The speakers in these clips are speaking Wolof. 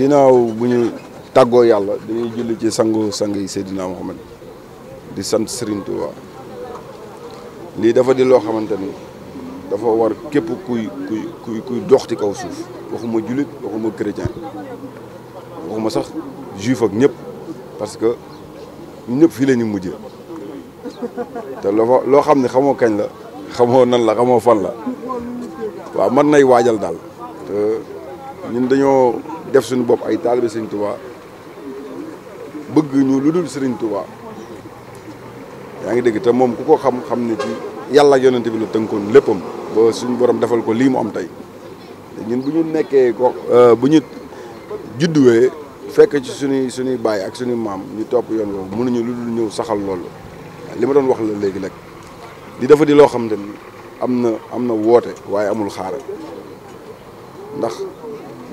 ginnaaw bu ñu tàggoo yàlla dañuy julli ci sangu sang yi Seydina Muhammad di sant Serigne Touba lii dafa di loo xamante ni dafa war képp kuy kuy kuy kuy dox ci kaw suuf waxuma jullit waxuma chrétien waxuma sax juif ak ñëpp parce que ñëpp fii la ñu mujjee te loo xam ne xamoo kañ la xamoo nan la xamoo fan la waaw mën nay waajal daal te ñun dañoo. def suñu bopp ay taalibe sëriñ Tuubaa bëgg ñu lu dul sëriñ Tuubaa yaa ngi dégg te moom ku ko xam xam ne ci yàlla ak bi la tënkoon léppam ba suñu borom defal ko lii mu am tey ñun bu ñu nekkee ko euh, bu ñu judduwee fekk ci suñuy suñuy baay ak suñuy maam ñu topp yoon boobu mënuñu lu dul ñëw saxal loolu li ma doon wax la léegi nag di dafa di loo xam ne am na am na woote waaye amul xaaral ndax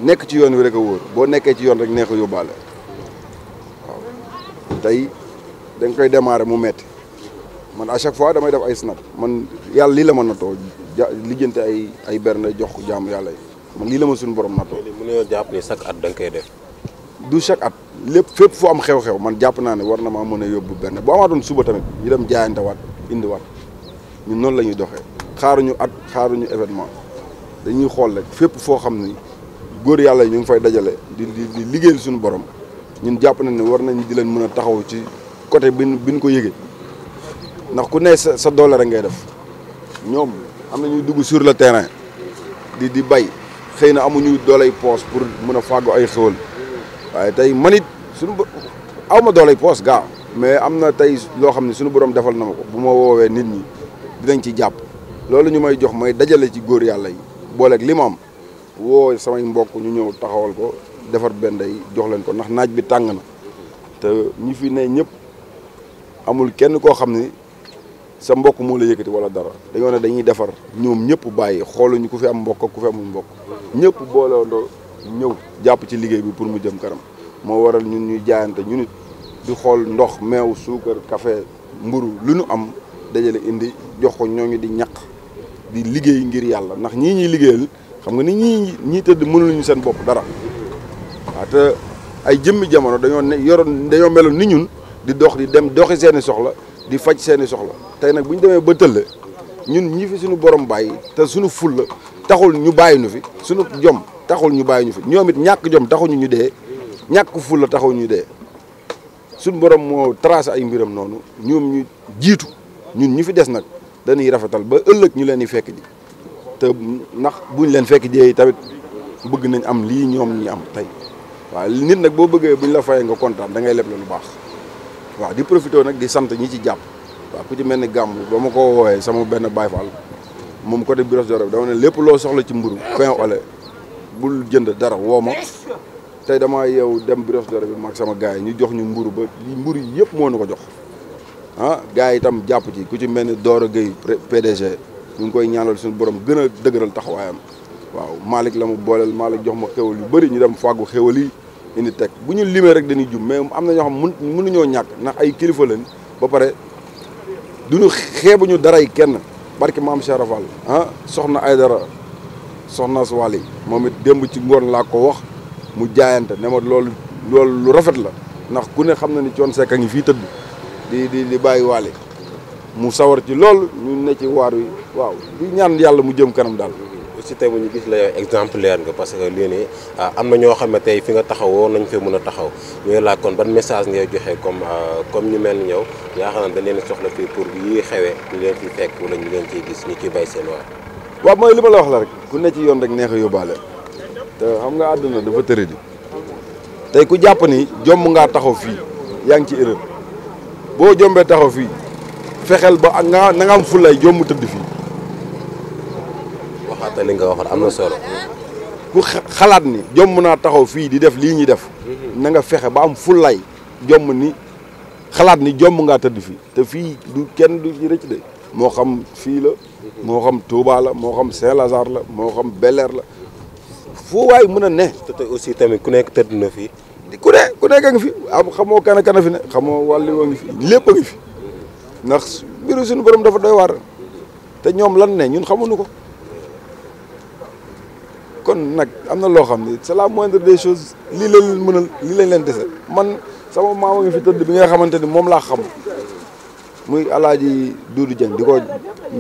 nekk ci yoon wi rek a wóor boo nekkee ci yoon rek neex a yóbbaale waaw tey dañ koy démarrer mu metti man a chaque fois damay def ay snap man yàlla lii la ma nattoo ja lijjante ay ay berne jox ko jaamu yàlla yi man lii la ma suñu borom nattoo. léegi mënuñoo jàpp ni chaque at da koy def. du chaque at lépp fépp foo am xew-xew man jàpp naa ne war na maa mën a yóbbu benn bu amaatoon suba tamit ñu dem jaayante waat indi waat ñun noonu la ñuy doxee xaaruñu at xaaruñu événement dañuy xool rek fépp foo xam ni. góor yàlla ñu ngi fay dajale di di sunu borom ñun jàpp nañ ne war nañ di leen mën a taxaw ci côté bi bi ko yëgee ndax ku ne sa sa doole rek ngay def ñoom am na ñuy dugg sur le terrain di di bay xëy na amuñu dooley poos pour mun a fàggu ay xéwal waaye tey man it suñu aw ma dooley poos gaa mais am na tey loo xam ne sunu borom defal na ma ko bu ma woowee nit ñi dinañ ci jàpp loolu ñu may jox may dajale ci góor yàlla yi booleeg li ma woo samay mbokk ñu ñëw taxawal ko defar benn day jox leen ko ndax naaj bi tàng na te ñi fi ne ñëpp amul kenn koo xam ni sa mbokk moo la yëkkati wala dara dañoo ne dañuy defar ñoom ñëpp bàyyi xooluñu ku fi am mbokk ku fi amul mbokk ñëpp booleandoo ñëw jàpp ci liggéey bi pour mu jëm kanam moo waral ñun ñu jaayante ñu nit di xool ndox meew suukar café mburu lu ñu am dajale indi jox ko ñooñu di ñaq di liggéey ngir yàlla ndax ñii ñuy liggéeyal xam nga ni ñii ñii tëdd ñu seen bopp dara waaw te ay jëmmi jamono dañoo ne yoroon dañoo meloon ni ñun di dox di dem doxi seeni soxla di faj seeni soxla tey nag bu ñu demee ba tëlle ñun ñi fi suñu borom bàyyi te suñu fulla taxul ñu bàyyi nu fi suñu jom taxul ñu bàyyi ñu fi ñoom it ñàkk jom taxuñu ñu dee ñàkk fulla taxul ñu dee suñu borom moo tracé ay mbiram noonu ñoom ñu jiitu ñun ñu fi des nag dañuy rafetal ba ëllëg ñu leen di fekk ji te ndax bu buñ leen fekk jiyee tamit bëgg nañ am lii ñoom ñu am tey waaw nit nag boo bëggee bu ñu la fayee nga kontaan da ngay leb la lu baax waaw di profité nag di sant ñi ci jàpp waaw ku ci mel ni gàmm ba ma ko woowee sama benn Baye Fall moom côté Biros Doro bi dama ne lépp loo soxla ci mburu fin ole bul jënd dara woo ma tey damaa yow dem Biros Doro bi mag sama gars yi ñu jox ñu mburu ba mburu yëpp moo nu ko jox ah gars yi itam jàpp ci ku ci mel ni Doro Gueye PDG ñu ngi koy ñaanal suñu borom gën a dëgëral taxawaayam waaw Malick la mu booleel Malick jox ma xéwal yu bëri ñu dem fàggu xéwal yi indi teg bu ñu limee rek dañuy jum mais am na ñoo xam mun ñoo ñàkk ndax ay kilifa lañ ba pare du duñu xeebuñu daray kenn barke maam Cheikh ah, soxna ay dara soxna Suwaali moom it démb ci ngoon laa ko wax mu jaayante ne lool loolu lu rafet la ndax ku ne xam na ni coon sekk a ngi fii tëdd di di di bàyyi mu sawar ci lool ñu ne ci waar wi waaw di ñaan yàlla mu jëm kanam daal. aussi tey bu ñu gis la exemplaire nga parce que lii nii ah, am na ñoo xam ne tey fi nga taxawoo nañ fi mën a taxaw ñooy laaj kon ban message ngay joxe comme ah, comme ñu mel ni ñëw yaa xam ne dañ leen soxla fii pour yii xewee ñu leen fi fekk wala ñu leen ciy gis ñu ciy bay seen waar. waaw mooy li ma la wax la rek ku ne ci yoon rek neex a yóbbaale te xam nga àdduna dafa tëre di tey ku jàpp ni jomb ngaa taxaw fii yaa ngi ci erreur fexeel ba nga na nga am fulay jom mu tëdd fii. waxaata li nga waxoon am na solo. ku xalaat ni jomm naa taxaw fii di def lii ñuy def. nanga fexe ba am fulay jomm ni xalaat ni jomm ngaa tëdd fii te fii du kenn du ci rëcc de. moo xam fii la. moo xam Touba la moo xam Saint-Lazare la moo xam bel la. foo waay mën a ne. te aussi tamit ku nekk tëdd na fii. ku ne ku nekk a ngi fi am xamoo kan fi ne xamoo wàllu a ngi fi lépp ngi fi. ndax mbiru suñu borom dafa doy waar te ñoom lan ne ñun xamuñu ko kon nag am na loo xam ne c'est la moindre des choses lii lañ leen mënal lii lañ leen dese man sama maama ngi fi tëdd bi nga xamante ni moom laa xam muy alaaji Doudou Dieng di ko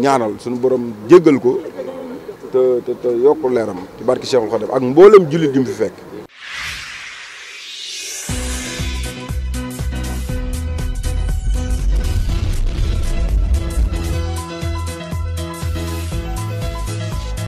ñaanal suñu borom jéggal ko te te te yokk leeram ci barki Cheikhul Khadim ak mbooleem jullit yi mu fi fekk